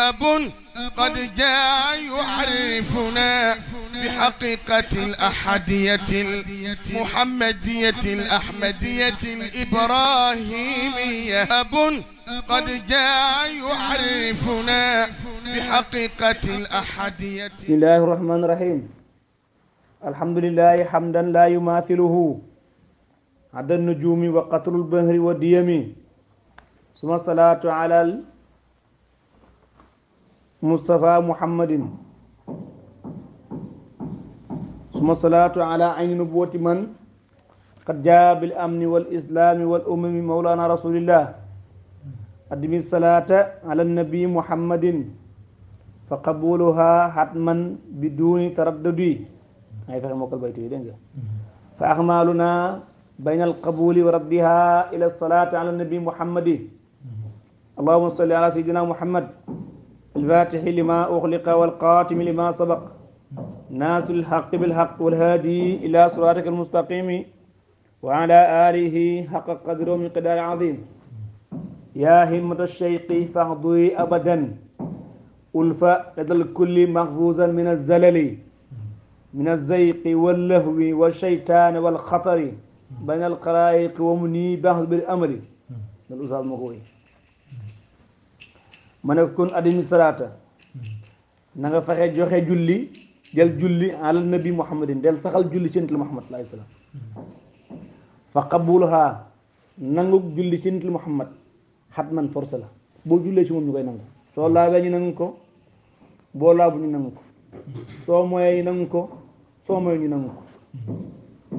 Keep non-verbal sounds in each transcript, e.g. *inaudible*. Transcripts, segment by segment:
أب قد جاء يعرفنا بحقيقة الأحدية المحمدية الأحمدية الإبراهيمية أب قد جاء يعرفنا بحقيقة الأحدية بسم الله الرحمن الرحيم الحمد لله حمدا لا يماثله عدد النجوم وقتل البهر والديم ثم الصلاة على مصطفى محمد ثم الصلاة على عين نبوة من قد جاء بالأمن والإسلام والأمم مولانا رسول الله أدم الصلاة على النبي محمد فقبولها حتما بدون تردد هاي فهم وقل بيته فأعمالنا بين القبول وردها إلى الصلاة على النبي محمد اللهم صل على سيدنا محمد الفاتح لما أغلق والقاتم لما سبق ناس الحق بالحق والهادي إلى صراطك المستقيم وعلى آله حق قدره من قدر عظيم يا همة الشيق فاهضي أبدا ألفا لدى الكل مغفوزا من الزلل من الزيق واللهو والشيطان والخطر بين القرائق ومنيبه بالأمر من الأستاذ مغوي ma ne kun adimi salaata na nga fexe joxe julli del julli ala nabi muhammadin del saxal julli ci nitul muhammad sallallahu alayhi wasallam fa qabuluha nangu julli ci nitul muhammad xatman force la boo jullee ci moom ñu koy nangu soo laabee ñu nangu ko boo laabu ñu nangu ko soo moyee ñu nangu ko soo moyee ñu nangu ko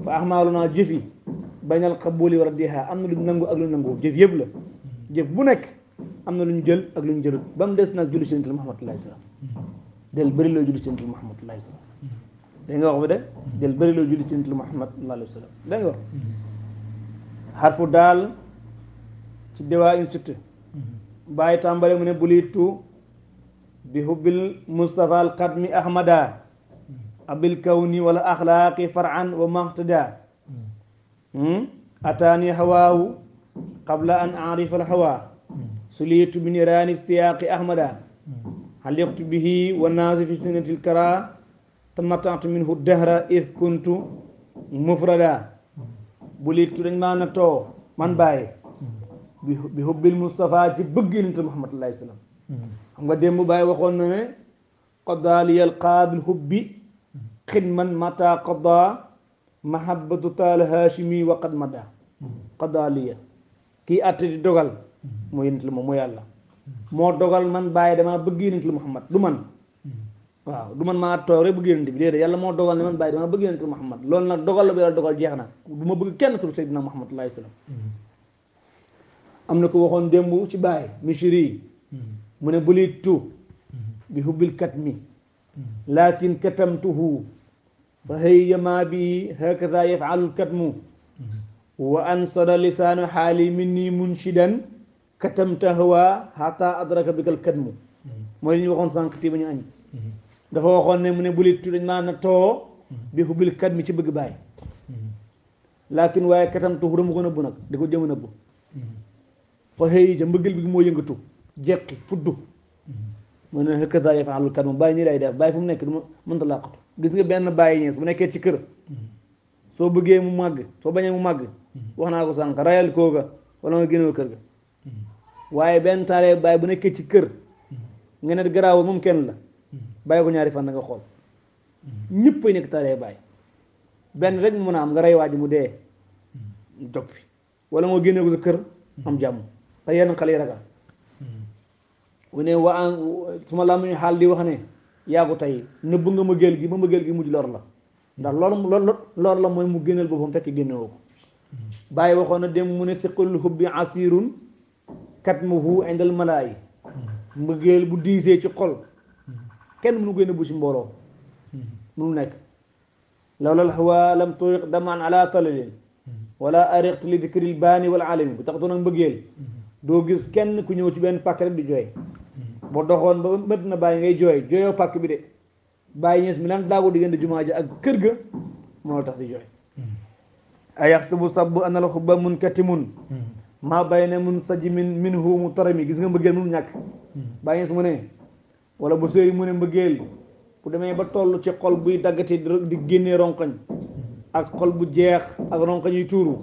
fa ahmaaluna jëfi bañal qabuli wa raddiha am na lu nangu ak lu nangu jëf yëpp la jëf bu nekk am na lu ñu jël ak lu ñu jëlut ba mu des nag julli ci yonent bi Muhammadu salaam del bëri loo julli ci yonent bi Muhammadu salaam dégg nga wax bi de del bëri loo julli ci yonent bi Muhammadu salaam dégg nga wax xarfu daal ci dewaa insite bàyyi tàmbale mu ne bulitu bi hubbil Mustafa al xadmi ahmada abil kawni wala axlaaqi faran wa maxtada hmm? ataani hawaahu qabla an arifa al hawaa suliitu bi niraani siyaaqi ahmada xaliqtu bihi wa naasu fi sunnati lkara tamatatu minhu dahra id kuntu mufrada bulitu dañ maa na too man bàyyi bi hubbil Mustafa ci bëgg yonente Muhammad sallallahu alayhi wasallam xam nga démb bàyyi waxoon na ne qadaaliyal qaabil hubbi xidman mata qada mahabbatu taal haashimi wa qad mada qadaaliya kii atte di dogal moo yonent la moom moo yàlla moo dogal man bàyyi damaa bëgg yonent la Muhammad du man waaw du man maa toog rek bëgg yonent bi yàlla moo dogal ne man bàyyi damaa bëgg yonent la Muhammad loolu nag dogal la bu yàlla dogal jeex na du ma bëgg kenn tur Seydina Muhammad alayhi salaam am na ko waxoon démb ci bàyyi misiri yi mu ne bulitu bi hubbil kat mi katamtuhu fa hayya ma bi hakada yafaalul katmu wa ansada lisaanu xaali minni munshidan katamta hawa hatta adraka bikal kadmu mooy li waxoon sànq tii ñu añ dafa waxoon ne mu ne bulittu dañ naan na too bi hubil mi ci bëgg bàyyi laakin waaye katamtu hu dama ko nëbbu nag di ko jëm a nëbbu fa xëy ja mbëggal bi moo yëngatu jeqi fuddu mu ne hëkkata yafaalul kadmu bàyyi nii lay def bàyyi fu mu nekk du ma mënta làqatu gis nga benn bàyyi ñees bu nekkee ci kër soo bëggee mu màgg soo bañee mu màgg wax naa ko sànq rayal kooga wala nga génn kër ga waaye benn taale baay bu nekkee ci kër nga ne garaaw moom kenn la hmm. bàyyi ko ñaari fan nga xool hmm. ñëpp ay nekk taale baay benn rek mu mën a am nga rey mu dee hmm. mu toog fi wala moo génne ko sa kër am jàmm te xale yi ragal mu ma laa muñu xaal di wax ne yaa ko tey nëbb nga ma gél gi ba ma gél gi mujj lor la ndax loolu loolu lor la mooy mu génneel boppam fekk génnewoo ko bàyyi waxoon na dem mu ne siqul hubbi asirun katmuhu indal malaay mbëggeel bu diisee ci xol kenn mënu koy nëbbu ci mbooloo mënu nekk lawla alhawa lam turiq daman ala talalin wala ariqt li dikri lbaani wal alim bu taxatu nag mbëggeel doo gis kenn ku ñëw ci benn pàkk rek di jooy boo doxoon ba mët na bàyyi ngay jooy jooyoo pàkk bi de bàyyi ñees mi lan jumaa ak kër ga moo tax di jooy hmm. ayaxtubu sabbu an alxubba munkatimun hmm. maa bay ne mun saji min min hu mu tarami gis nga mbëggeel mun ñàkk hmm. bàyyi ne su mu ne wala bu sëy mu ne mbëggeel bu demee ba toll ci xol buy daggati di génnee ronkoñ hmm. ak xol bu jeex ak ronkoñ yu tuuru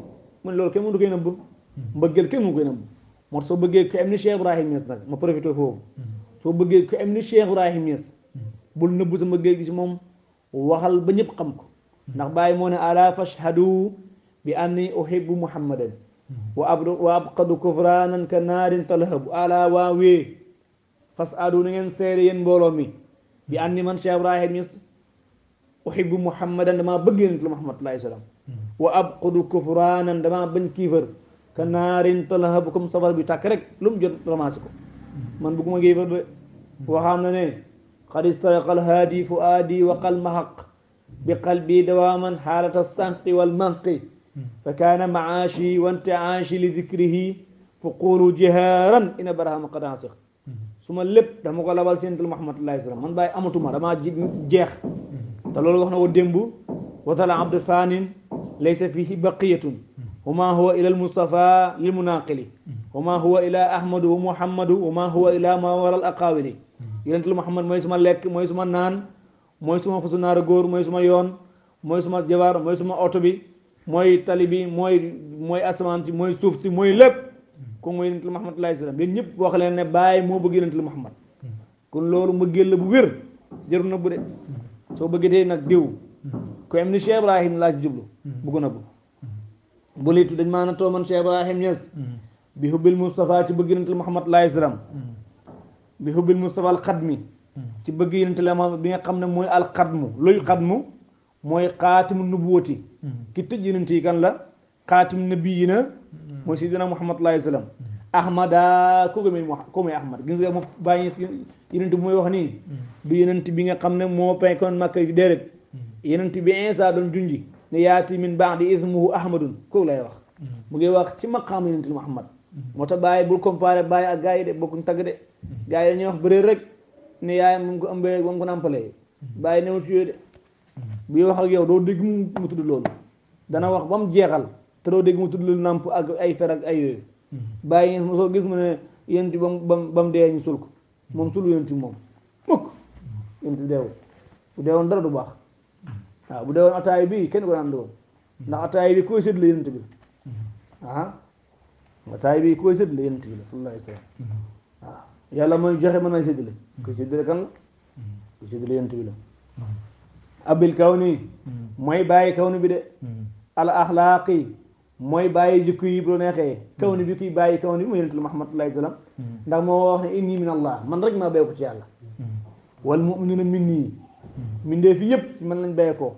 mu ne loolu kenn mënu koy nëbb hmm. mbëggeel kenn mënu koy nëbb moo soo bëggee ko am ni Cheikh ma profité foofu soo bëggee ko am ni Cheikh Ibrahim Niass bul nëbb sa mbëggeel moom waxal ba ñëpp xam ko ndax bàyyi moo ne ala fashhadu bi anni uhibbu muhammadan وأبقد كفرانا كنار تلهب على واوي فاسألوا نين سيرين بولومي بأني من شي إبراهيم أحب محمدا بغي بقين محمد الله عليه وأبقد كفرانا دما بن كفر كنار تلهب كم صبر رك لوم جون رماسكو من بقوم كفر ني قد استرق الهادي فؤادي وقلب حق بقلبي دواما حالة السنق والمنقي فكان معاشي وانتعاشي لذكره فقول جهارا إن برها مقد هاسخ suma lépp dama ko labal seen tal Muhammad sallallahu alayhi wa sallam ما bàyyi amatuma damaa jeex te loolu wax na ko démb watala abdu وما هو إلى المصطفى للمناقل وما هو إلى أحمد ومحمد وما هو إلى ما وراء الأقاويل يلنت محمد موي سما لك موي سما نان موي سما فسو غور موي سما يون موي سما جوار موي سما اوتو بي mooy tali bi mooy mooy asamaan si mooy suuf si mooy lépp ko mooy yonent Muhammad alayhi salaam yéen ñëpp wax leen ne bàyyi moo bëgg yonent la Muhammad kon loolu mbëggeel la bu wér jëru na bu de soo bëggatee nag diw ko am ni Cheikh Ibrahim laa ci jublu bëggu na bu bu liitu dañ maa na tooman Cheikh Ibrahim Niass bi hubbil Moustapha ci bëgg yonent la Muhammad alayhi salaam bi hubbil Moustapha al xadmi ci bëgg yonent la Muhammad bi nga xam ne mooy al xadmu mooy xaatimu nubuwati mm-hmm. ki tëj yonent yi kan la xaatim nabiyina mm-hmm. mooy sidina Muhammad sallallahu alayhi wa sallam ahmada ah, ko gëmee ko mooy ahmad gis nga moom wax nii mm-hmm. du yonent bi nga xam ne moo penkoon Makka yi déedéet yonent bi Insa doon junji ne yaati min ba'di ismuhu ahmadun kooku lay wax mu ngi wax ci maqaam yonent Muhammad moo tax bàyyi bul comparé bàyyi ak gars yi de bokkuñ tagg de gars yi dañuy wax bëri rek ne yaay mu ko ëmbee moom ko nàmpalee bàyyi de buy wax ak yow doo dégg mu tudd loolu dana wax ba jeexal te doo dégg mu tudd loolu nàmp ak ay fer ak ay yooyu mm-hmm. bàyyi ngeen gis mu ne yéen ci ba mu ba mu dee ñu sul ko moom sulu yéen ci moom mukk yéen ci deewul bu du baax mm-hmm. waaw bu deewoon ataay bi kenn ko naan doon mm-hmm. ndax ataay bi koy sédd la yonent bi ah ataay bi la yonent bi la sallallahu alayhi wa sallam waaw ah. yàlla mooy joxe ma naa sédd la koy sédd la kan la koy la yonent bi la abil kawni hmm. mooy bàyyi kawni bi de hmm. al axlaaqi mooy bàyyi jikko yi bu la neexee hmm. kawni bi kuy bàyyi kawni bi mu yonent la Muhammad sallallahu alayhi ndax moo wax ne inni min allah man rek maa bàyyi ko ci yàlla wal mu'minuna min nii mindee fi yëpp ci man lañ bàyyi ko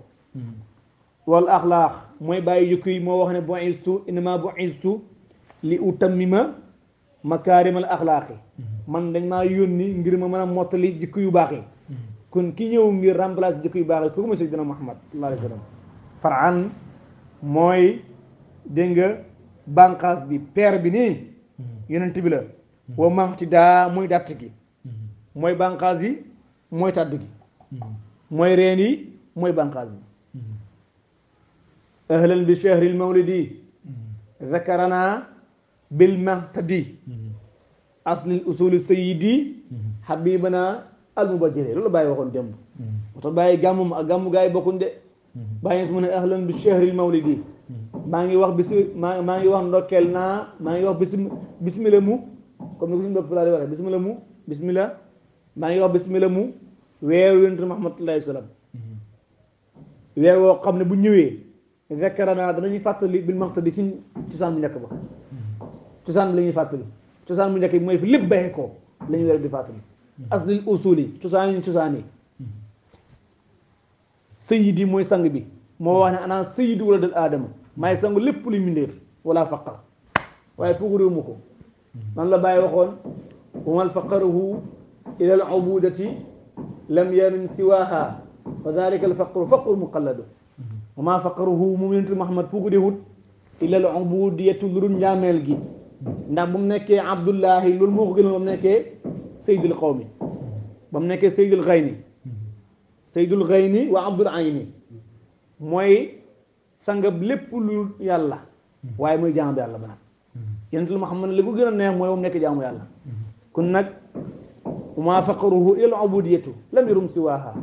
wal axlaaq mooy bàyyi jikko yi moo wax ne bu'istu innama bu'istu li utammima makaarimal axlaaqi man dañ maa yónni ngir ma mën a mottali jikko yu baax yi kon ki ñëw ngir remplacer jikko yu baax yi kooku mooy Seydina Muhammad sallallahu alayhi faraan mooy dégg nga bànqaas bi peer bi nii hmm. yonent bi la hmm. wa maxti daa muy dàtt gi hmm. mooy banqaas yi mooy tàdd gi mooy reen mooy bànqaas bi ahlan bi chahril mawlidi zakarana bil mahtadi aslil usuli sayidi habibana al mubajire loolu bàyyi waxoon démb moo tax bàyyi gàmmum ak gàmmu gaa yi bokkuñ de bàyyi ngi mu ne ahlan bi chehril mawlidi maa ngi wax bisi maa maa ngi wax naa maa ngi wax bisim bisimila mu comme ni ko suñu bopp laa di waxee bisimila mu bisimila maa ngi wax bisimila mu weeru yonent Muhammad sallam weer woo xam ne bu ñëwee zakkarana ñuy fàttali bil maqtadi suñ cosaan bu ba cosaan bi la ñuy fàttali cosaan bu nekk bi mooy fi lépp bàyyi ko la di fàttali اصل الاصولي توساني توساني سيدي موي سانغ بي مو وانا انا سيد ولد الادم ماي سانغ ليپ لي مينديف ولا فقر واي فغور موكو نان لا باي واخون وما الفقره الى العبوده لم يرن سواها وذلك الفقر فقر مقلد وما فقره مؤمن محمد فغور يوت الى العبوديه لرو نيامل جي ndam mu nekké abdullah lool mo ko gënal mo nekké saydul xawmi ba mu nekkee saydul xayni saydul xayni wa abdul ayni mooy sangab lépp lu yàlla waaye mooy jaamu yàlla ba nag yonent lu ma xam ne li ko gën a neex mooy moom nekk jaamu yàlla kon nag ma faqaruhu il ubudiyatu lam yurum siwaha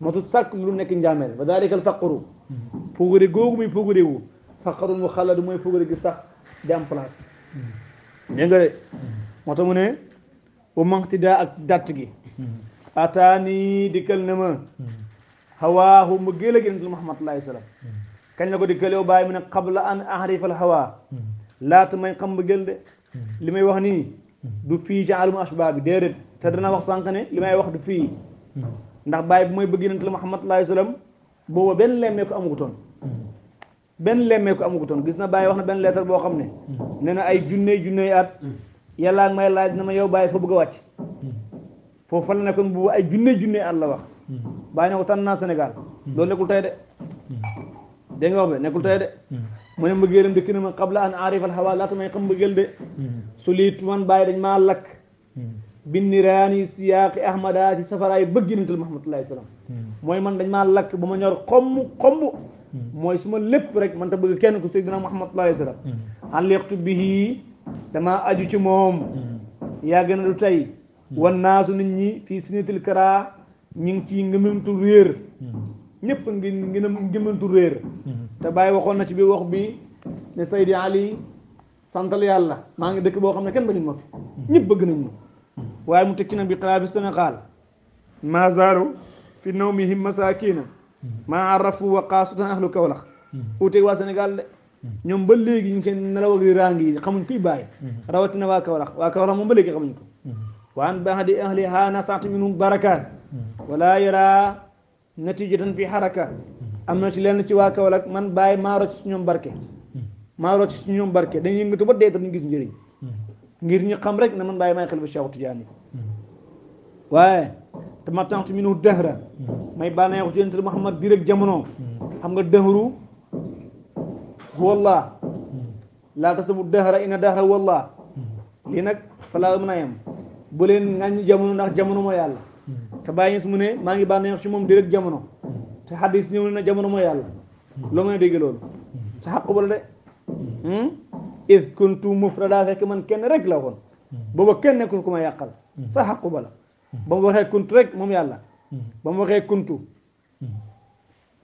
matu sàkk lu nekk njaameel ba dalika al faqru pogore googu muy mu xaladu mooy pogore gi sax di am place wa maxtida ak datt gi mm-hmm. ataani dikkal na ma xawaahu mm-hmm. ma géel a génn tal Muhammad sallallahu alayhi wa sallam mm-hmm. kañ la ko dikkal yow bàyyi mu ne qabla an ahrif al hawa laata may xam ba de li may wax nii du fii ci alum asbaab bi déedéet te dana wax sànq ne li may wax du fii ndax bàyyi bu may bëgg yonent la Muhammad sallallahu alayhi wa sallam booba benn lemmee ko amugutoon benn lemmee ko amugutoon gis na bàyyi wax na benn leetar boo xam ne nee na ay junney junney yàlla ak may laaj na ma yow bàyyi fa bëgg a wàcc foofu fa la nekkoon bu ay junne junne àll la wax bàyyi ne ko tànn naa Sénégal loolu nekkul tey de dégg nga wax bi nekkul tey de mu ne mbëggeelam dëkk na ma qabla an aarif xam mbëggeel de su liit man bàyyi dañ maa lakk binniraani siyaaqi ahmada ci safaraay bëgg yonental mahamatulahi salaam mooy man dañ maa lakk ba ma ñor xomm xomm mooy su lépp rek man ta bëgg kenn ku seydina mahamatulahi salaam an liqtu bihi dama aju ci moom mm-hmm. yaa gën a du tey mm-hmm. wan naasu nit ñi fii sinitil kara ñi ngi ci ngëmantu réer mm-hmm. ñëpp ngi ngi ngëmantu réer te bàyyi waxoon na ci bi wax bi ne Seydi Ali santal maa ngi dëkk boo xam ne kenn bañu ma fi ñëpp bëgg nañ ma waaye mu teg ci nag bi xalaabistana xaal maa zaaru fi nawmihim masakina maa arafu wa qaasutan ahlu kawlax uutee waa Sénégal ñoom ba léegi ñu ngi seen nelaw ak rang yi xamuñ kuy bàyyi mm-hmm. rawatina waa Kawlax waa moom ba léegi xamuñ ko mm-hmm. wa an ba'di ahliha nastaatu minhum barakat mm-hmm. wala yara fi haraka am na ci lenn ci waa Kawlax man bàyyi maa rocc su ñoom barke maa rocc su ñoom barke dañuy yëngatu ba dee dañu gis njëriñ ngir ñu xam rek na man bàyyi maay xel ba Cheikh Tidiane waaye te ma tant minhu dahra may bànneexu ci yonent Muhammad bi rek jamono xam nga dëhru huwa allah laa tasabu dahra inna dahra huwa allah lii nag falaa mën a yam bu leen ngañ jamono ndax jamono mooy yàlla te bàyyi mu ne maa ngi bànneex ci moom di rek jamono te xadis ñëw na jamono mooy yàlla loo mën a dégg loolu te xaqu ba de hmm? is kuntu mufrada fekk man kenn rek la woon booba kenn nekkul ku ma yàqal sa xaqu ba ba mu waxee kuntu rek moom yàlla ba mu waxee kuntu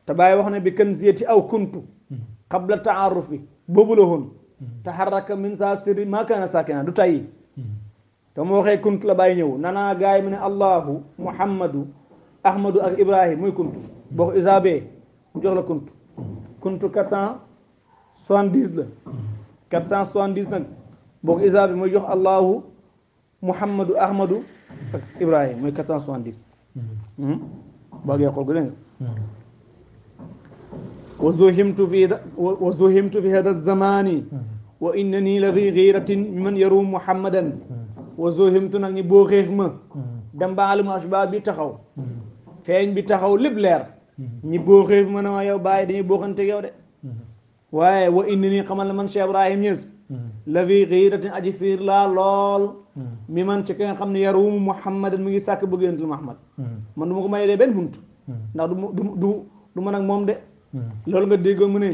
te bàyyi wax ne bi kan ziyati aw kuntu qabla taaruf bi boobu la woon mm-hmm. taxaraka min sa sirri ma kaana sakina du tayyi mm-hmm. te mu waxee kunt la bàyyi ñëw nanaa gaay mu ne allahu muhammadu ahmadu ak ibrahim muy kunt boo ko isaabee jox la kunt mm-hmm. kunt quatre cent soixante-dix la quatre cent soixante-dix nag boo ko isaabee muy jox allahu muhammadu ahmadu ak ibrahim muy quatre cent soixante-dix hmm? boo gee xool ko dégg nga وزهمت في وزهمت في هذا الزمان وإنني لفي غيرة من يروم محمدا وزهمت nag ni boo xeex ma dem ba alimu asbaab bi taxaw feeñ bi taxaw lépp leer ñi boo xeex ma ne ma yow bàyyi dañuy booxante yow de waaye wa innani xamal na man Cheikh Ibrahim Niass la fi xiiratin aji fiir lool mi man ci ka nga xam ne Muhammadan mu ngi sàkk bëgg yonent Muhammad man du ma ko may dee benn hunt ndax du du du du man ak de Hmm. loolu nga dégg mu ne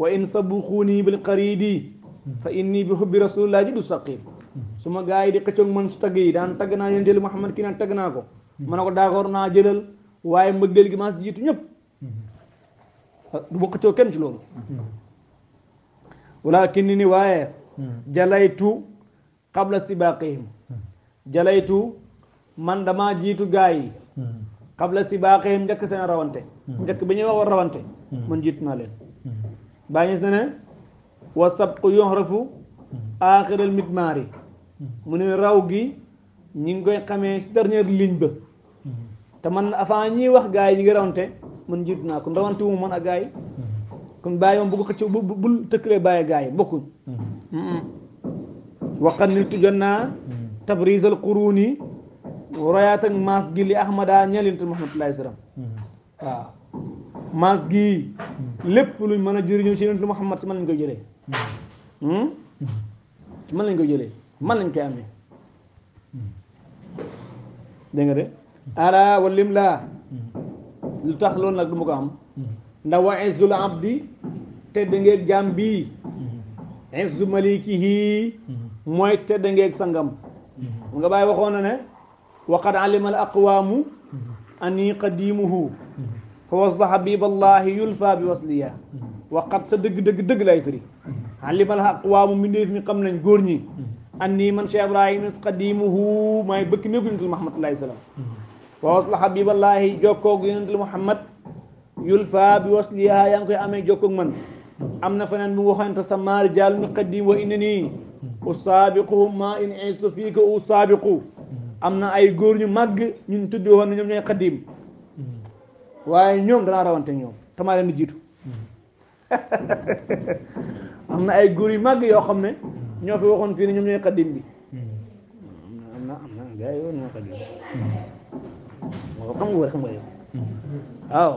wa in sabuxuuni bil xaridi hmm. fa inni bi xubbi rasulillah ji du saqib hmm. su ma gars yi di xëccoog man su tagg yi daan naa jël Muhammad kii naan tagg naa ko ma ne ko d'accord naa jëlal waaye mbëggeel gi maa si jiitu ñëpp du ma xëccoo kenn ci loolu walakin ni waaye jalaytu qabla sibaqihim jalaytu man damaa jiitu gars yi qabla sibaqihim njëkk seen rawante hmm. njëkk bi wax rawante man hmm. jitt naa leen hmm. bàyyi na ne wa sabqu yuhrafu al midmari mu ne raw gi ñi ngi koy xamee si dernière ligne ba te man avant ñiy wax gaay ñi rawante man jitt naa ko rawante wu man ak gaay kon bàyyi bu ko xëcc bu bul tëkkalee bàyyi gars yi bokkuñ waqan tabriz al tabrisal royaat ak maas gi li ahmada ñeelintal muhammadullahi salaam waaw maas gi hmm. lépp lu mën a jëriñoo si yonentu muhammad si hmm. hmm? man lañ koy jëlee man lañ koy jëlee man lañ de ala walim laa lu tax loolu nag du ko am ndax wa izzul abdi tedd ngeeg jaam bii izzu malikihi mooy tedd ngeeg sangam nga bàyyi waxoon na ne وقد علم الأقوام أني قديمه فوصبح حبيب الله يلفى بوصليا وقد تدق دق دق لا يفري علم الأقوام من ديف من قمنا أني من شيخ إبراهيم قديمه ما يبكي نبي محمد صلى الله عليه وسلم ووصل حبيب الله جوكو ينتل محمد يلفى بوصليا ينقي أمي جوكو من أمنا فنان موخان تسمى رجال مقدم وإنني أسابقهم ما إن عيسو فيك أسابقه amna na hmm. hmm. ay goor ñu mag ñu tuddu won ñom ñoy qadim waye ñom dara rawante ñom tama leen jitu amna na ay goor yu mag yo xamne ne hmm. ñoo fi waxon fi ñom ñoy qadim bi amna na amna na gars yoo ñoo xadim xam nga war xam nga yow waaw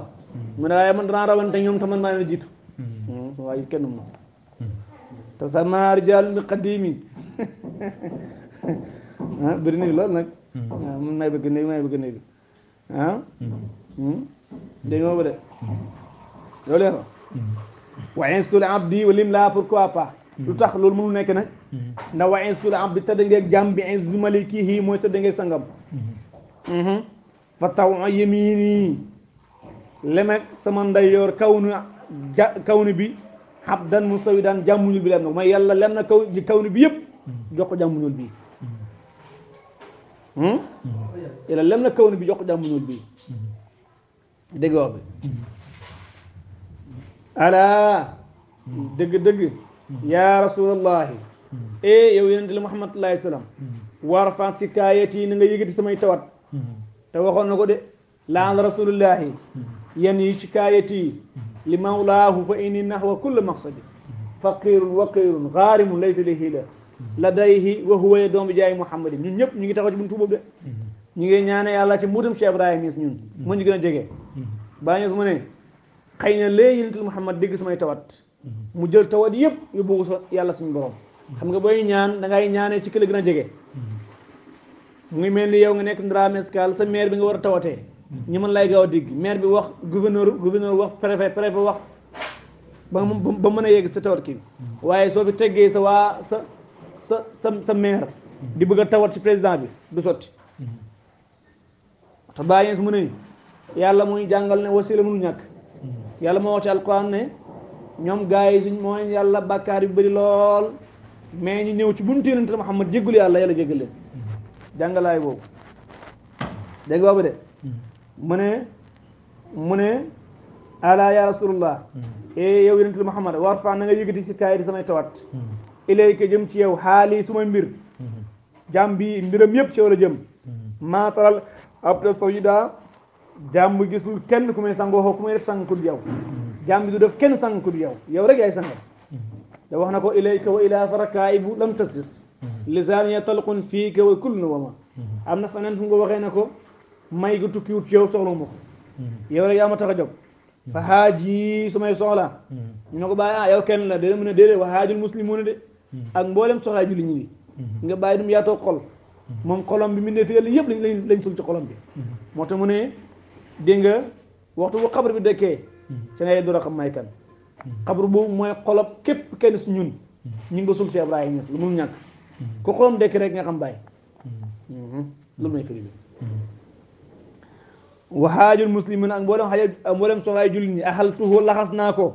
mu ne waaye man dara rawante ñom tama leen jitu waye kenn mu tasamar jal qadimi jàll xadimi *laughs* ah, bëri waaw hmm. ah, man maay bëgg néeg maay bëgg néeg ah? hmm. Hmm? de loolu leer waaye insul abdi walim laa pourquoi pas lu tax loolu mënul nekk nag ndax waaye insul abdi tëdd ngeeg jàmm bi insu malikihi mooy tëdd ngeeg sangam fa taw yamini lemek sama ndeyjoor kaw nu ja kaw ni bi abdan musawidan jàmmuñul bi lem na mooy yàlla lem na kaw kaw ni bi yëpp jox ko jàmmuñul bi ila hmm? lem na kaw ni bi jox jàmmunul bii dégg wax bi alaa dëgg-dëgg yaa rasulallahi hmm. e eh, yow yonente li muhammad sallallahu alayhi wa sallam hmm. warfan si nga yëgati samay tawat te waxoon na ko de laan rasulullahi yan yi ci li mawlaahu fa inni nahwa kulle maqsadi faqirun waqirun gaarimun laysa li hiila Mhm. la dayhi wa huwa doomu jaay muhammadin ñun ñëpp ñu ngi taxaw ci buntu boobu de mhm. ñu ngi ñaane yàlla ci mbuutum Cheikh Ibrahim Niass ñun mhm. moo ñu gën a jege Baay Niass mu ne xëy na léegi nitul muhammad dégg samay tawat mu jël tawat yëpp yóbbu ko yàlla suñ borom xam nga booy ñaan da ngay ñaanee ci ki la gën a jege mu ngi mel ni yow nga nekk Ndramé kaal sa maire bi nga war a tawatee ñi mën lay gaaw a digg maire bi wax gouverneur gouverneur wax préfet préfet wax ba ba mën a yegg sa tawat kii sa sa sa maire di bëgg a tawat ci président bi du sotti te bàyyi mu ne yàlla muy jàngal ne wasila mënul ñàkk yàlla moo wax ci ne ñoom gars yi suñ mooy yàlla bàkkaar yu bari lool mais ñi ñëw ci buntu yonente Muhammad jéggul yàlla yàlla jéggal leen boobu dégg boobu de mu ne mu ne ala ya rasulullah hmm. e yow yonente Muhammad war faa na nga yëgati si kaay di samay tawat hmm. ilayka jëm ci yow xaali suma mbir jàmm mm-hmm. bi mbiram yëpp ci la jëm mm-hmm. maataral ab ta so yuda jàmm bi gisul kenn ku may sangoo xoo ku may def sang ku du yow mm-hmm. du def kenn sang ku du yow yow rek yaay sangal da wax na ko ilayka wa ila farakaibu lam tasir lisaniya talqun fiika wa kullu nu wama am na feneen fu nga waxee ne ko may gu tukkiwut ci yow soxla ma ko yow rek yaa ma tax a jóg fa haaji sumay soxla ñu ne ko bàyyi ah kenn la déedéet mu ne déedéet wa haajul muslimuuna de ak mboolem soxlaa julli ñi nga bàyyi dum yaatoo xol moom xolom bi mu ne fi yàlla yëpp lañ lañ sul ci xolom bi moo tax mu ne dégg nga waxtu bu xabar bi dekkee sa ngay door a xam may kan xabar boobu mooy xolob képp kenn si ñun ñu ngi ko sul si Ibrahima Niass lu mu ñàkk ko xolom dekk rek nga xam bàyyi loolu may firi bi waxaajul muslimin ak mboolem xaaj ak mboolem soxlaay julli ñi axaltuhu laxas naa ko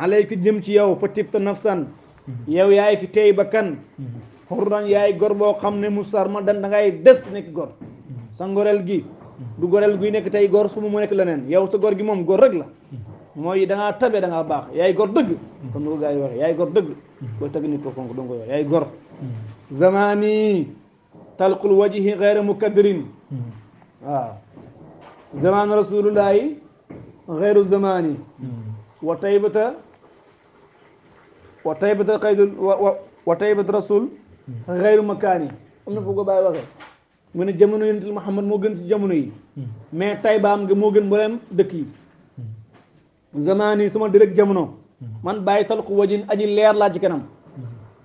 alayka jëm ci yow fa tifta nafsan Mm-hmm. yow yaay ki tey ba kan mm-hmm. xurran yaay gor boo xam ne musar ma dan da ngay des nekk gor mm-hmm. sa ngoreel gi du goreel guy nekk tey gor su mu mu nekk leneen yow sa gor gi moom gor rek la mooy da ngaa tabe danga baax yaay gor dëgg kon ni ko gars yi waxee yaay gor dëgg boo tag nit ko fonk dong ko yor yaay gor zamani talqul wajhi gayra mukaddirin waaw zaman rasulullahi gayru zamani wa taybata wa taybata xaydul wa taybat rasul xayru makaani am na foog ko bàyyi waxee mu ne jamono yonentul Muhammad moo gën si jamono yi mais taybaam nga moo gën mbooleem dëkk yi zamaan yi sama direk jamono man bàyyi talku wajin aji leer laa ci kanam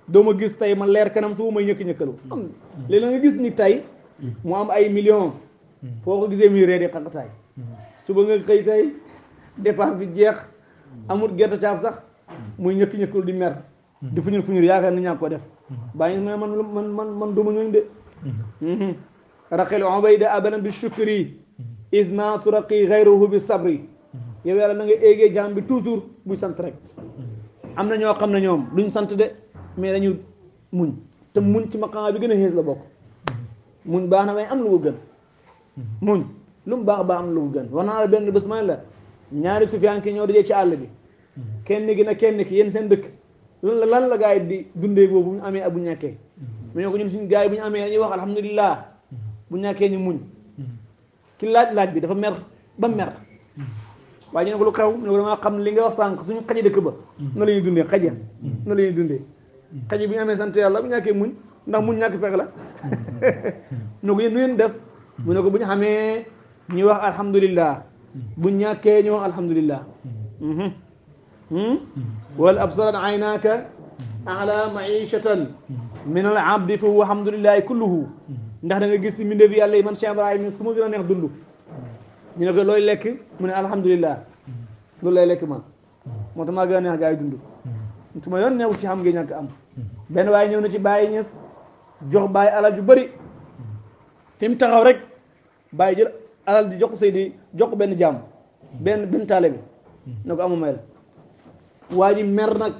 doo ma gis tey ma leer kanam su may ñëkk-ñëkkalu am léegi nga gis ni tey mu am ay million foo ko gisee muy reede xaqataay suba nga xëy tey dépense bi jeex amul gerte caaf sax muy ñëkk ñëkkal di mer mhm. di fuñul fuñul yaakaar na ñaa ko def mhm. bàyyi na man man man man duma ñooñ de mhm. raqil ubayda abadan bi shukri isma turaqi gayruhu bi sabri yow yàlla na nga jaam bi toujours bu sant rek am na ñoo xam ne ñoom duñ sant de mais dañu muñ te muñ ci maqaama bi gën a xees la bokk muñ baax na may am lu ko gën muñ lu mu baax baax am lu gën wax naa la benn bés la ñaari sufiyaan ñoo dajee ci àll bi Mhm. kenn gi na kenn ki yéen seen dëkk lan la lan la gars yi di dundee boobu bu ñu amee bu ñàkkee mhm. mu ñoo ko ñun suñu gars yi ñu amee dañuy wax alhamdulilah mhm. bu ñàkkee ñu muñ ki laaj laaj bi dafa mer ba mer waaye ne ko lu xew ñu dama xam li nga wax sànq suñu xaji dëkk ba na la ñuy dundee xaja na la ñuy dundee xaji bu ñu amee sant yàlla bu ñàkkee muñ ndax muñ ñàkk fexe la ñoo *laughs* ko yéen def mu ne ko bu ñu xamee ñu wax alhamdulilah bu ñàkkee ñu wax alhamdulilah Hmm? wal absaran aynaaka la maishatan min al abdi fa huwa alhamdulillahi kulluhu ndax da nga gis si mbindeef yàlla yi man Cheikh Ibrahima su ma gën neex dund ñu ne ko looy lekk mu ne alhamdulillah loolu lay lekk man moo tax maa a neex gaa yi dund su ma yoon neewu ci xam ngi ñàkk am benn waaye ñëw na ci bàyyi ñes jox bàyyi alal ju bari fi mu taxaw rek bàyyi jël alal di jox ko sëy di jox benn jàmm benn benn taale bi na ko amul may waa ji mer nag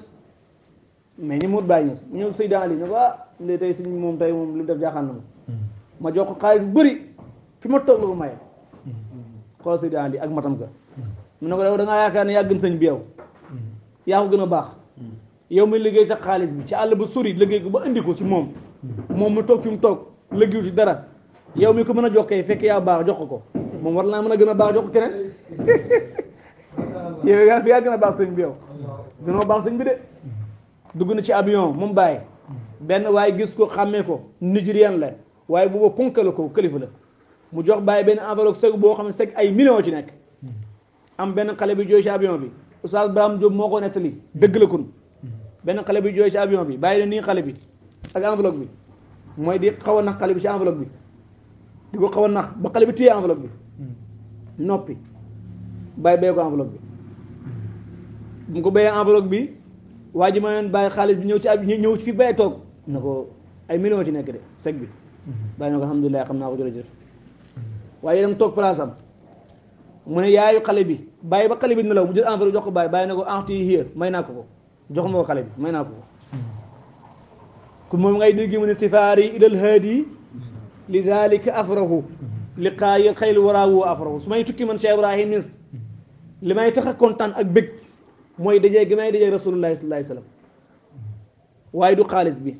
mais ñi mut bàyyi ñes mu ñëw Seydina Ali ne ko ah ndey tey suñu moom tey moom li def jaaxaan na ma mm-hmm. ma jox ko xaalis bëri fi ma toog la ko maye mm-hmm. xool Seydina ak matam ka mm-hmm. mu ne ko yow da ngaa yaakaar ne yaa gën sëñ bi yow yaa gën a baax yow mi liggéey sa xaalis bi ci àll ba sori liggéey ko ba indi ko ci moom moom mu toog fi mu toog liggéeyu ci dara yow mi ko mën a jox kay fekk yaa baax jox ko ko moom war naa mën a gën a baax jox ko keneen *laughs* yaa gën a baax sëñ bi danoo baax sëñ bi de dugg na ci avion mu bàyyi benn waaye gis ko xàmmee ko nigérien la waaye booba punka la ko kilifa la mu jox bàyyi benn enveloppe seg boo xam ne seg ay millions ci nekk am benn xale bi jooy ci avion bi Oustaz baam Diop moo ko nettali dëgg la kun benn xale bi jooy ci avion bi bàyyi ne nii xale bi ak enveloppe bi mooy di xaw a nax xale bi ci enveloppe bi di ko xaw a nax ba xale bi téye enveloppe bi noppi bàyyi bee ko enveloppe bi bu ko béyee enveloppe bi waa ji ma leen bàyyi xaalis bi ñëw ci ab ñëw ci fi bay toog na ko ay millions ci nekk de bi mhm. bàyyi na ko alhamdulilah xam naa ko jërëjëf waaye da toog place am mu ne yaayu xale bi bàyyi ba xale bi nelaw mu jël enveloppe jox ko bay bàyyi na ko entu yi may naa ko ko jox ma xale bi may naa ko ko mhm. moom ngay dégg mu ne sifaari ilal haadi li dalika afrahu mhm. li xaayi xayl waraawu afrahu su may tukki man Cheikh Ibrahim Niass li may tax a kontaan ak bëgg mooy dajee gi may dajee rasulullahi waaye du xaalis bi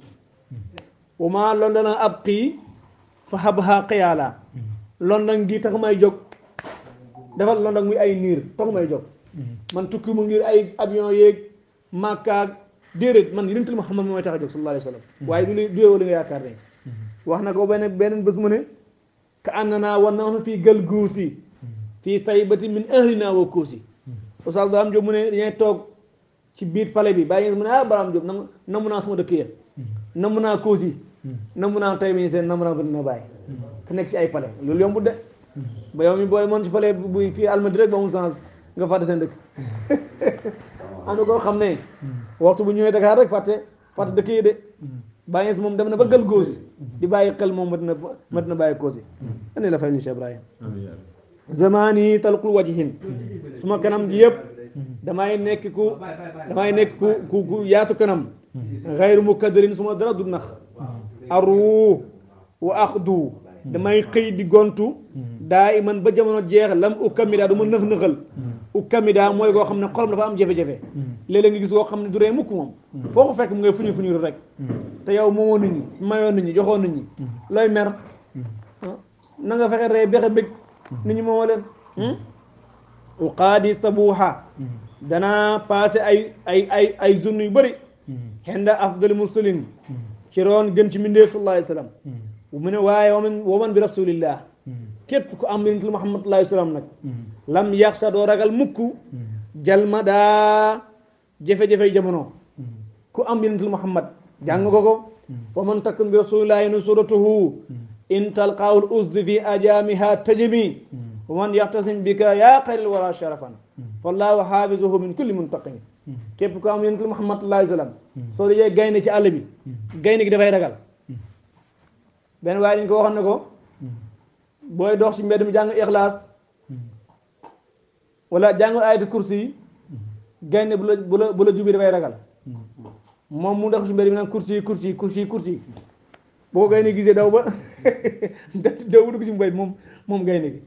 wama londana ab xii fa xabha xiyaala london gi tax may jóg defal london muy ay niir tax may jóg man tukki mu ngir ay avion yéeg màkkaag déedéet man yonentul Muhammad mooy tax a jóg sallallahu alayhi wasallam waaye du du yow li nga yaakaar ne wax na ko beneen beneen bés mu ne ka na naa war na wax na fii gal guusi fii taybati min ahlina wa kuusi Oustaz Barham Diop mu ne dañuy toog ci biir palais bi bàyyi mu ne ah Barham Diop nam namu naa sama dëkk ya namu naa cause yi namu naa tey mi seen namu naa ko dina bàyyi te nekk ci ay palais loolu yombul de ba yow mi booy moon ci palais bu fii Almadies rek ba nga fàtte seen dëkk *laughs* am na xam ne waxtu bu ñëwee Dakar rek fàtte fàtte dëkk yi moom dem na ba gël cause di bàyyi xel moom mat na mat na bàyyi cause yi la fay ñu Cheikh Ibrahima zamani talqul wajhin suma kanam gi yëpp damay nekk ku damay nekk ku ku yaatu kanam mu xayru mukaddarin suma dara du nax aru wa axdu damay xëy di gontu daa iman ba jamono jeex lam ukamida du ma nëx nëxal ukamida mooy koo xam ne xolam dafa am jafe-jafe léeg-léeg gis koo xam ne du ree mukk moom foo ko fekk mu ngay fuñu fuñu rek te yow moomoo nit ñi mayoon nit ñi joxoon nit ñi looy mer mm. ah, na fexe ree bexe bég mm. nit ñi moomoo leen hmm? uqaadi sabuha mm-hmm. danaa passé ay ay ay ay zunnu yu bëri xenda mm-hmm. afdal mursalin mm-hmm. ci roon gën ci mindeef sallallahu alayhi wasallam waaye waman bi rasulillah képp ku am yonent Muhammad sallallahu alayhi wasallam nag lam yaxsa doo ragal jalma daa jafe-jafe jamono ku am yonent Muhammad jàng ko ko wa man takun bi rasulillahi nusuratuhu in talqaawul usdi fi ajamiha tajami wa man yaxtasim bika yaa xayril wara sharafan wallaahu xaabizuhu min kulli muntaqim képp ku am yonent Muhammad sallallahu alayhi wa sallam soo dajee gaynde ci àll bi gaynde gi dafay ragal benn waaye dañ ko waxoon ne ko booy dox ci mbedd mi jàng ixlaas wala jàng ayatu kursi yi gaynde bu la bu la bu la jubi dafay ragal moom mu dox ci mbedd mi naan kursi yi kursi yi kursi yi kursi yi boo ko gaynde gisee daw ba daw dugg ci mbay moom moom gaynde gi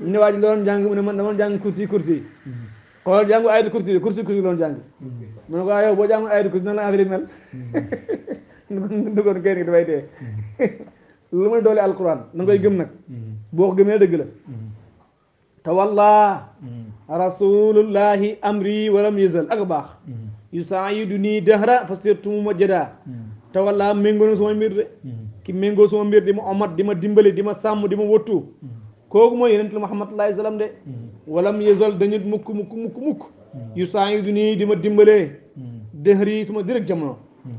ñu ne waa ji loolu jàng mu ne man dama jàng kursi kursi xoolal jàngu ayatul kursi kursi kursi loolu jàng mu ne ko yow boo jàngul ayatul kursi nan la affaire yi mel *laughs* dugoon kay ni dafay dee *laughs* lu muy doole alquran na koy gëm nag boo ko gëmee dëgg la te walla rasulullahi amri walam yësal ak baax yu saa yi du nii dahra fa sirtumuma jëdaa te walla méngoo na sama mbir de ki méngoo sama mbir di ma omat di ma dimbali di ma sàmm di ma wottu kooku mooy yenentu Muhammad sallallahu alayhi wasallam de mm-hmm. walam yezol dañu mukk mukk mukk mukk mm-hmm. yu saa du nii di ma dimbalee mm-hmm. dëhëri direk jamono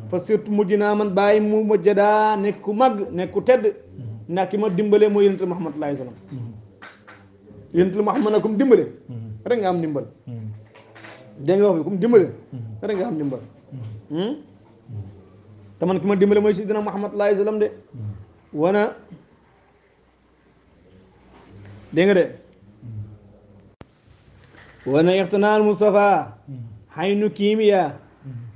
fa surtout mujj man bàyyi ma jadaa nekk ku màgg tedd ndax ki ma dimbalee mooy yenentu Muhammad sallallahu alayhi wasallam yenentu Muhammad na kum dimbale rek am dimbal dégg nga wax kum dimbale rek am dimbal hmm? te man dimbale mooy sidina Muhammad sallallahu alayhi wasallam de wana dégg nga de wana ixtinaal Mustafa xaynu kiimiya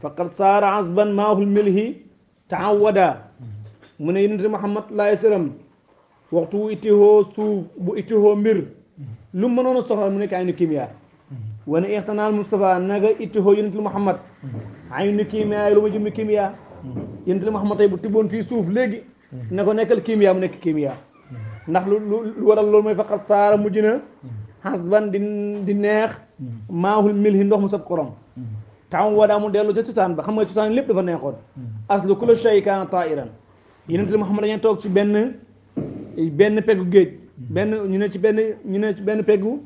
faqad saara asban maahul milhi taawada mu ne yonente Muhammad laay sallam waxtu wu ittihoo suuf bu ittihoo mbir lu mu mënoon a soxla mu nekk aynu kiimiya wana ixtinaal Mustafa naga ittihoo yonente Muhammad aynu kiimiya lu ma jëm kiimiya yonente Muhammad tey bu tibboon fii suuf léegi na ko nekkal kiimiya mu nekk kiimiya ndax lu lu waral loolu mooy faqat saara mujj na xasban di di neex mil milhi ndox mu sab xorom taam wadaa mu dellu ca cosaan ba xam nga cosaan lépp dafa neexoon aslu kulli shay kaana taa'iran yenente li Muhammad dañuy toog ci benn benn peggu géej benn ñu ne ci benn ñu ne ci benn peggu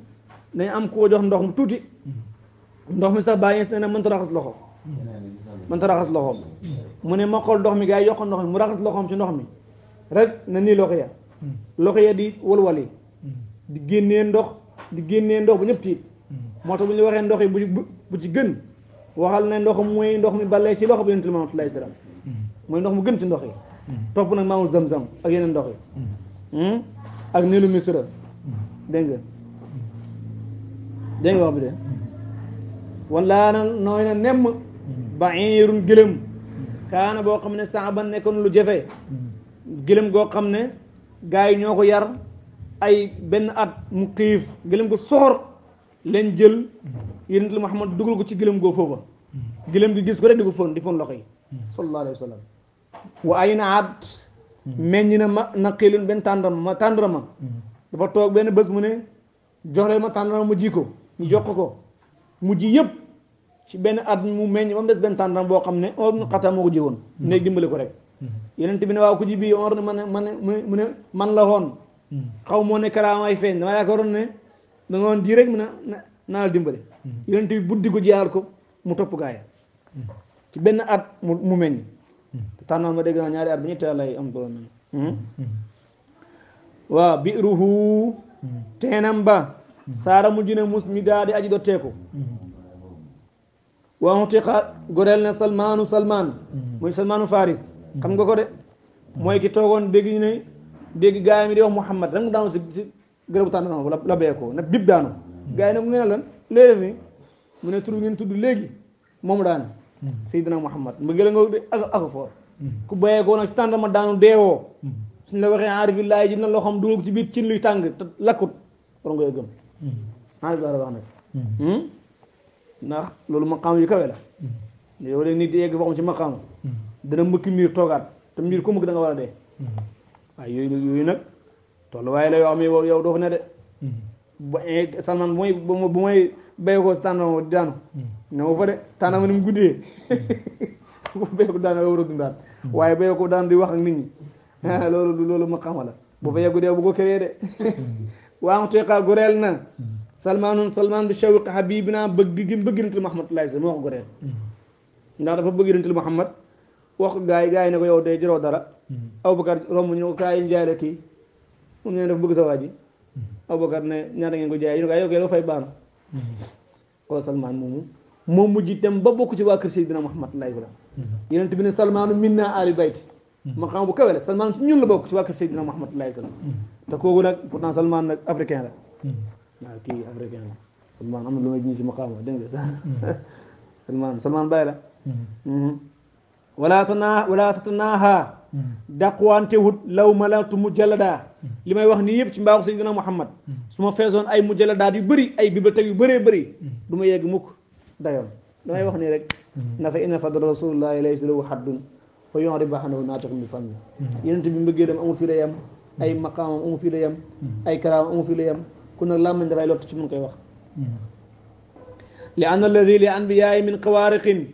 dañu am ku ko jox ndox mu tuuti ndox mi sax bàyyi nee na mënta raxas loxo mënta raxas loxoom mu ne ma xool ndox mi gaa yi yokk ndox mi mu raxas loxoom ci ndox mi rek na nii ya Mm. loxo ya di walwali mm. di génnee ndox di génnee ndox bu ñëpp tiit mm. moo tax bu ñu waxee ndox yi bu ci gën waxal ne ndox mooy ndox mi balee ci loxo bi yonent bi amatulaay mooy ndox mu gën ci ndox yi topp nag maamul zam-zam ak yeneen ndox yi hmm? ak nilu misra dégg nga dégg nga wax bi de wala na nooy na nemm bairun gëlëm kaana boo xam ne sax ba nekkoon lu jafe gëlëm goo xam ne gars yi ñoo ko yar ay benn at mu xiif gëlëm ko soxor leen jël lu la Muhammad dugal ko ci gëlëm goo foofa gëlëm gi gis ko rek di ko fóon di fóon loxo yi sallallahu alayhi na at na ma na ma tàndarma dafa toog benn bés mu ne jox leen ma tàndarma ma ji ko ñu jox ko mu ji yëpp ci benn at mu meññ ba mu des benn tàndarma boo xam ne oo xataa moo ko ji woon ne dimbale ko rek Mm-hmm. yonent bi ne waaw ku ji bii omar ne man man mu ne man la xoon mm-hmm. xaw moo ne karaamaay feeñ damaa yaakaaroon ne da nga woon mu ne naa la dimbale mm-hmm. yonent bi buddi ko jiyaar ko mu topp gaaya ci benn at mu meññ tànnal ma dégg naa ñaari at bi ñetti lay am ko meññ waaw bi hmm? mus mi daa di aji dotteeku waa xutiqa goreel ne salmaanu salmaan muy salmaanu faris xam nga ko de mooy ki toogoon dégg ñu ne dégg gaa yi mi di wax Muhammad rek mu daanu si si gërëbu tànn la la na bib daanu gaa yi nag mu ngeen lan léegi mi mu ne tur tudd léegi moom daanu Seydina Muhammad mba gëla nga de ak ak foor ku bayeekoo nag si ma daanu deewoo suñ la waxee aarifi laay na loo xam ci biir cin tàng te lakkut wax nag hmm? ndax loolu maqaam yi kawe la nit yegg fa xam ci maqaam dana mbëkki miir toogaat te ko mbëkk da nga war a dee mm-hmm. waaye yooyu yooyu nag la yoo xam ne yow doo fa ne de mm-hmm. ba eh, salman bu may bu may béy ko si tànn mm-hmm. ne ma fa de tànn ma ni mu *laughs* ko daanu a dundaat waaye béy ko daanu di wax ak *laughs* loolu loolu ma xama bu fa yeggu dee bu ko créé de *laughs* waa na salmaanun salmaan bi shawiq habibina bëgg gi bëgg Muhammad sallallahu alayhi wasallam moo ko goreel ndax dafa bëgg natal Muhammad wax ko gars yi yi ne ko yow tey jëroo dara hmm. Aboubacar romb ñu ne ko kaay ñu jaay la kii mu ne def bëgg sa waa ji hmm. Aboubacar ne ñaata ngeen ko jaay ñu ne ko yow kay doo fay baana ko hmm. Salmaan moomu moom mujj itam ba bokk ci waa kër Seydina Muhammad la Ibrahima yeneen bi ne Salmaanu minna ali bayti maqaam bu kawe la Salmaan ci ñun la bokk ci waa kër Seydina Muhammad la Ibrahima te kooku nag pourtant Salmaan nag africain la waaw ah, kii africain la Salmaan am na lu may ji ci maqaam dégg *laughs* walaatuna walaatunaaha hmm. dàquwante wut law malatu mujallada hmm. li may wax nii yëpp ci mbaaxu sëñ gën a Muhammad hmm. su ma feesoon ay mujalladaat yu bëri ay bibliothèque yu bëree bëri du ma yegg mukk dayoon damay wax nii rek na fa inna fadl rasulillahi laysa lahu haddun fa yonri baxanawu naataxum bi fànn yenente bi mbëggee dem amul fii la yem ay maqaamam amul fii la yem ay karaamam amul fii la yem ku nag làmmañ dafay lott ci mun koy wax li anna alladi li anbiyaay min xawaariqin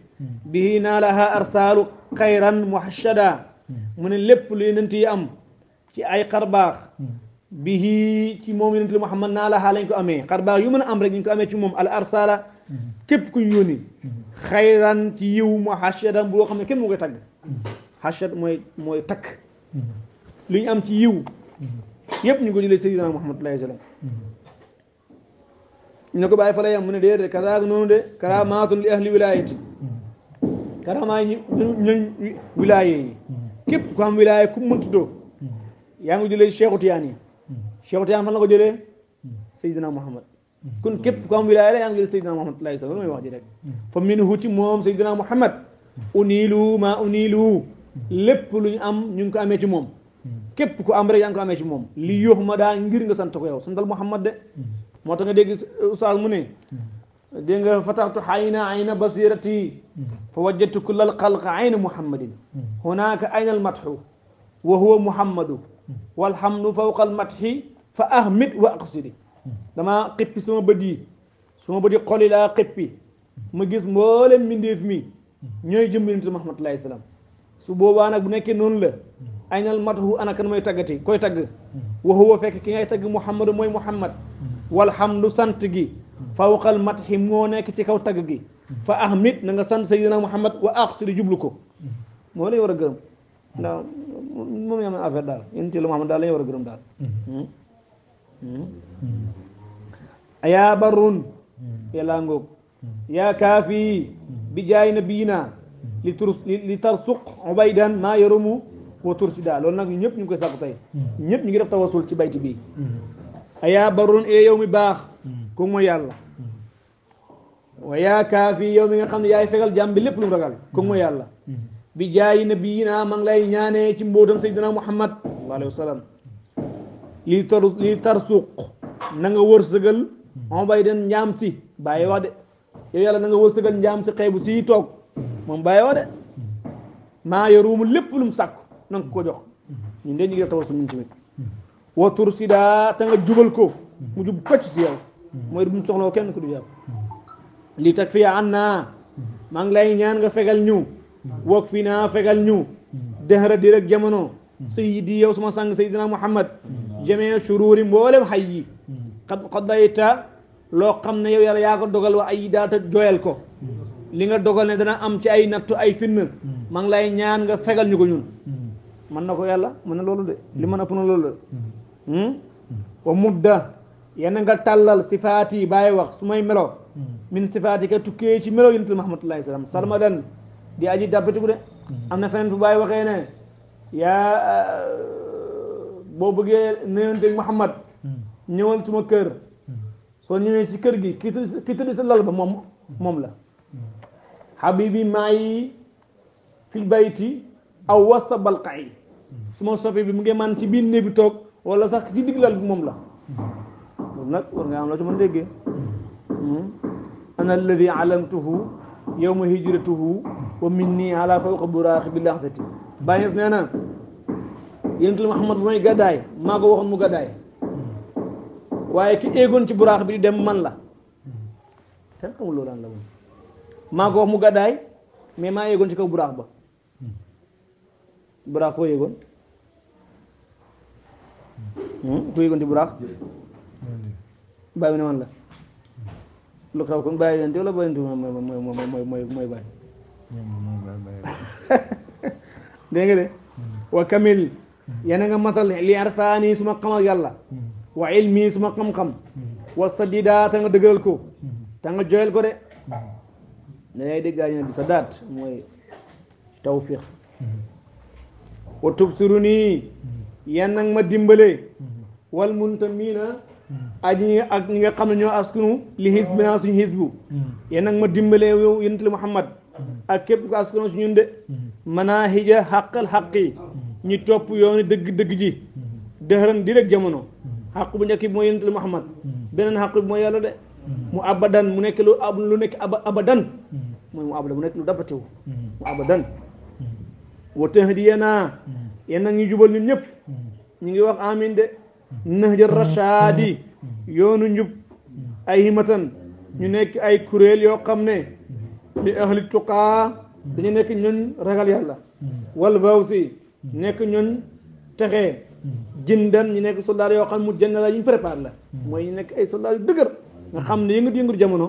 bihi naa laha arsaalu xayran muhashada mu ne lépp lu yonent yi am ci ay xarbaax bihi ci moom yonent li muhammad naa la lañ ko amee xarbaax yu mën a am rek ñu ko amee ci moom al arsala képp kuñ yónni xayran ci yiw muhashada bu loo xam ne kenn mu koy tagg mooy mooy takk lu ñu am ci yiw yëpp ñu ko jëlee sayyidina muhammad sallallahu alayhi wa sallam ñu ne ko bàyyi fa la mu ne déedéet kazaag noonu de karaamaatun li ahli wilaayati nga tax maa ñu ñooñ wilaaye yi mm-hmm. képp am wilaaye ku mm-hmm. yaa ngi jëlee Cheikhu Tiyaan yi mm-hmm. Cheikhu fan la ko jëlee Seydina Muhammad kon képp ku am wilaaye la yaa ngi jëlee Seydina Muhammad sallallahu alayhi wax ji rek fa minhu ci moom Seydina Muhammad uniilu maa uniilu lépp lu ñu am ñu ngi ko amee ci moom képp ku am rek yaa ngi ko amee ci moom li ma daa ngir nga sant ko yow santal Muhammad de moo tax nga ustaas mu dégg nga fatahtu ayna ayna basirati mm-hmm. fa wajadtu kulla alxalq ayna muhammadin mm-hmm. hunaka ayna almatxu wa huwa muhammadu mm-hmm. walhamdu fawqa almatxi fa ahmid wa aqsidi dama xippi sama bët yi sama bët yi xol yi laa ma gis mboolem mbindeef mi ñooy jëmbinante Muhammad alayhi salaam su boobaa nag bu nekke noonu la aynal matahu ana kan mooy taggati koy tagg wa huwa fekk ki ngay tagg Muhammadu mooy Muhammad walhamdu sant gi fawqal mathi mo nek ci kaw tag gi fa ahmid na nga sant sayyidina muhammad wa aqsir jublu ko moo lay wara a ndaw mo moom yam affaire daal yonent muhammad dal lay wara a dal aya hmm? hmm? barun ya ngoog Ya kafi bi jay nabina li tur li tarsuq ubaydan ma yarumu wa tursida lol nak ñepp ñu ngi koy sàkku tey ñëpp ñu ngi def tawassul ci bayti bi aya hmm. barun e yow mi ku yalla wa ya kafi yow mi nga xamni yaay fegal jambi lepp lu ragal ku yalla bi jaay nabiyina ma ngi lay ñaanee ci mbotam sayyidina muhammad sallallahu alaihi wasallam sallam li tar li tarsuq na nga wërsegal on bay den ñam si baye wa de yow yalla na nga wërsegal ñam si xeybu si tok mom baye wa de maa yorumu lepp lu mu nang na nga ko jox ñu de ñu ci min wa tursida ta nga jubal ko mu jub ko ci yow mooy duñ soxloo kenn ku du jàpp mm. li tak fiya an naa mm. maa ngi lay ñaan nga fegal ñu mm. woog fii naa fegal ñu dexra di rek jamono sayidi yow suma sang sayidina muhammad jamee shuruuri mboolem xay yi xad xadayta loo xam ne yow yàlla yaa ko dogal wa ay daata jooyal ko li nga dogal ne dana am ci ay nattu ay fitna maa lay ñaan nga fegal ñu ko ñun mën na ko yàlla mën na loolu de li mën a puna loolu de hmm? wa mudda yana nga tàllal sifaat yi bàyyi wax su may melo hmm. min sifaat yi ka tukkee ci melo yonentul mahamatullahi salaam hmm. salmadan di aji dàppatiku de hmm. am na feneen fu bàyyi waxee euh, bëggee nayonteeg Muhammad ñëwal suma kër soo ñëwee ci kër gi ki tëdd lal moom moom la habibi maayi fil bayti aw wasta balqa yi su bi mu ngi man ci biir néeg bi toog wala sax ci diglal bi moom la نك ورغام لا تمن دغي انا الذي علمته يوم هجرته ومني على فوق براخ بلحظتي بايس نانا ينت محمد موي غداي ماكو وخون مو غداي واي كي ايغون تي براخ بي ديم مان لا تان امول لولان لا مون ماكو وخ مو غداي مي ما ايغون تي كو براخ با براخ كو ايغون كو ايغون تي براخ baay bi ne man la lu xew kon baay yonent wala mau mau mau mau mooy mau mooy baay dégg nga wa kamil yana nga matal li arfani suma xam ak wa ilmi suma xam-xam wa sadida nga dëgëral ko ta nga joyal ko de da ngay dégg ñu ne tawfiq wa tubsiruni ma wal muntamina Mm. aji ak ñi nga xam ne ñoo askanu li xisbi naa oh. suñu xisbu mm. yéen nag ma dimbalee yow yonent Muhammad mm. ak képp ko askanu suñu ñun de manaahija xaqal xaqi ñu topp yoonu dëgg dëgg ji dëxëran di rek jamono xaq bu njëkk bi mooy yonent Muhammad beneen xaq yàlla de mu abadan mu nekk lu ab nekk aba abadan mooy mu abada mu nekk lu dabatewu mu abadan wa tahdiyanaa yéen nag ñu jubal ñun ñëpp ñu ngi wax amin de nahja rashaadi yoonu njub ay himatan ñu nekk ay kuréel yoo xam ne li ahli tuqaa dañu nekk ñooñ ragal yàlla wal bawsi nekk ñooñ texe jëndan ñu nekk soldaar yoo xam mu jënd la ñu prépare la mooy ñu nekk ay soldaar yu dëgër nga xam ne yëngut yëngut jamono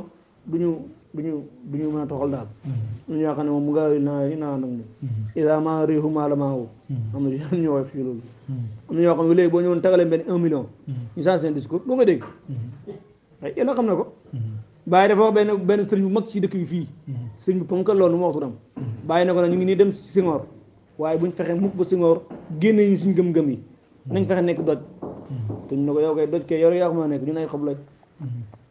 duñu bu ñu du ñu a toxal daal mm-hmm. ñu yaakaar ne moom mu ñu naa nag moom isa ma réexu maa la maa woo mm-hmm. am na ñu loolu mm-hmm. am na ñoo xam ne léegi boo ñëwoon tagaleen benn un million ñu changé seen discours boo ko dégg ay yàlla xam na ko bàyyi dafa wax benn benn sëriñ bu mag ci dëkk bi fii sëriñ bu ponkal loolu mu waxtu dam bàyyi na ko na ñu ngi nii dem Senghor waaye buñ fexe mukk ba Senghor génne ñu suñ gëm-gëm yi nañ nekk doj te ñu ne ko yow koy doj kee yor yaa ko mën nekk ñu nay xob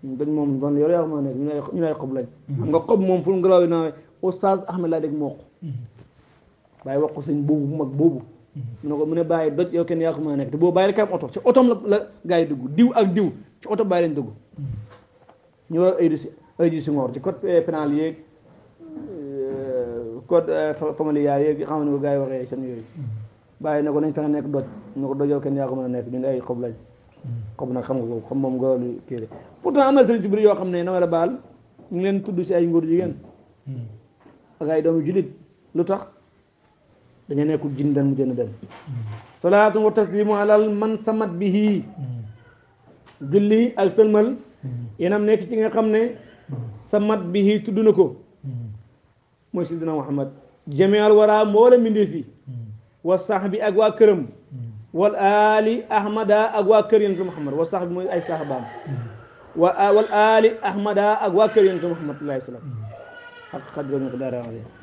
dañ moom ban yore yaa ma nekk ñu ay ay xob lañ mm-hmm. nga xob moom fu mu garaaw naa oustaz Ahmed laa dégg moo ko mm-hmm. bàyyi wax ko sëñ boobu bu mag boobu mm-hmm. mu ne ko mu ne bàyyi doj yow kenn yaa ko mën a nekk te boobu bàyyi rek am oto ci otom la la gars yi dugg diw ak diw ci oto bàyyi lañ dugg ñu war ci code euh, pénal yeeg euh, code euh, familial yeeg xam ne ko gars yi waxee seen ko nañ fexe nekk doj ñu ko doj yow kenn yaa ko mën a nekk ñu ne ay xob lañ comme nag xam nga ko comme moom nga yoo xam ne na wala baal ñu ngi leen tudd si ay ngóor jigéen lu tax dañu nekkul jindan mu jënd dem salaatu wa taslimu alal man samat bihi julli ak sëlmal yenam nekk ci nga xam ne samat bihi tudd na ko mooy si sidina Muhammad jamial wara mboole mbindéef yi wa sax bi ak waa këram wal aali ahmada ak waa kër yonent Muhammad wa sax bi mooy ay saxabaam wa ah, wal aali ahmada ak waa kër yonent Muhammad alayhi salaam ak xadra miqdaara alayhi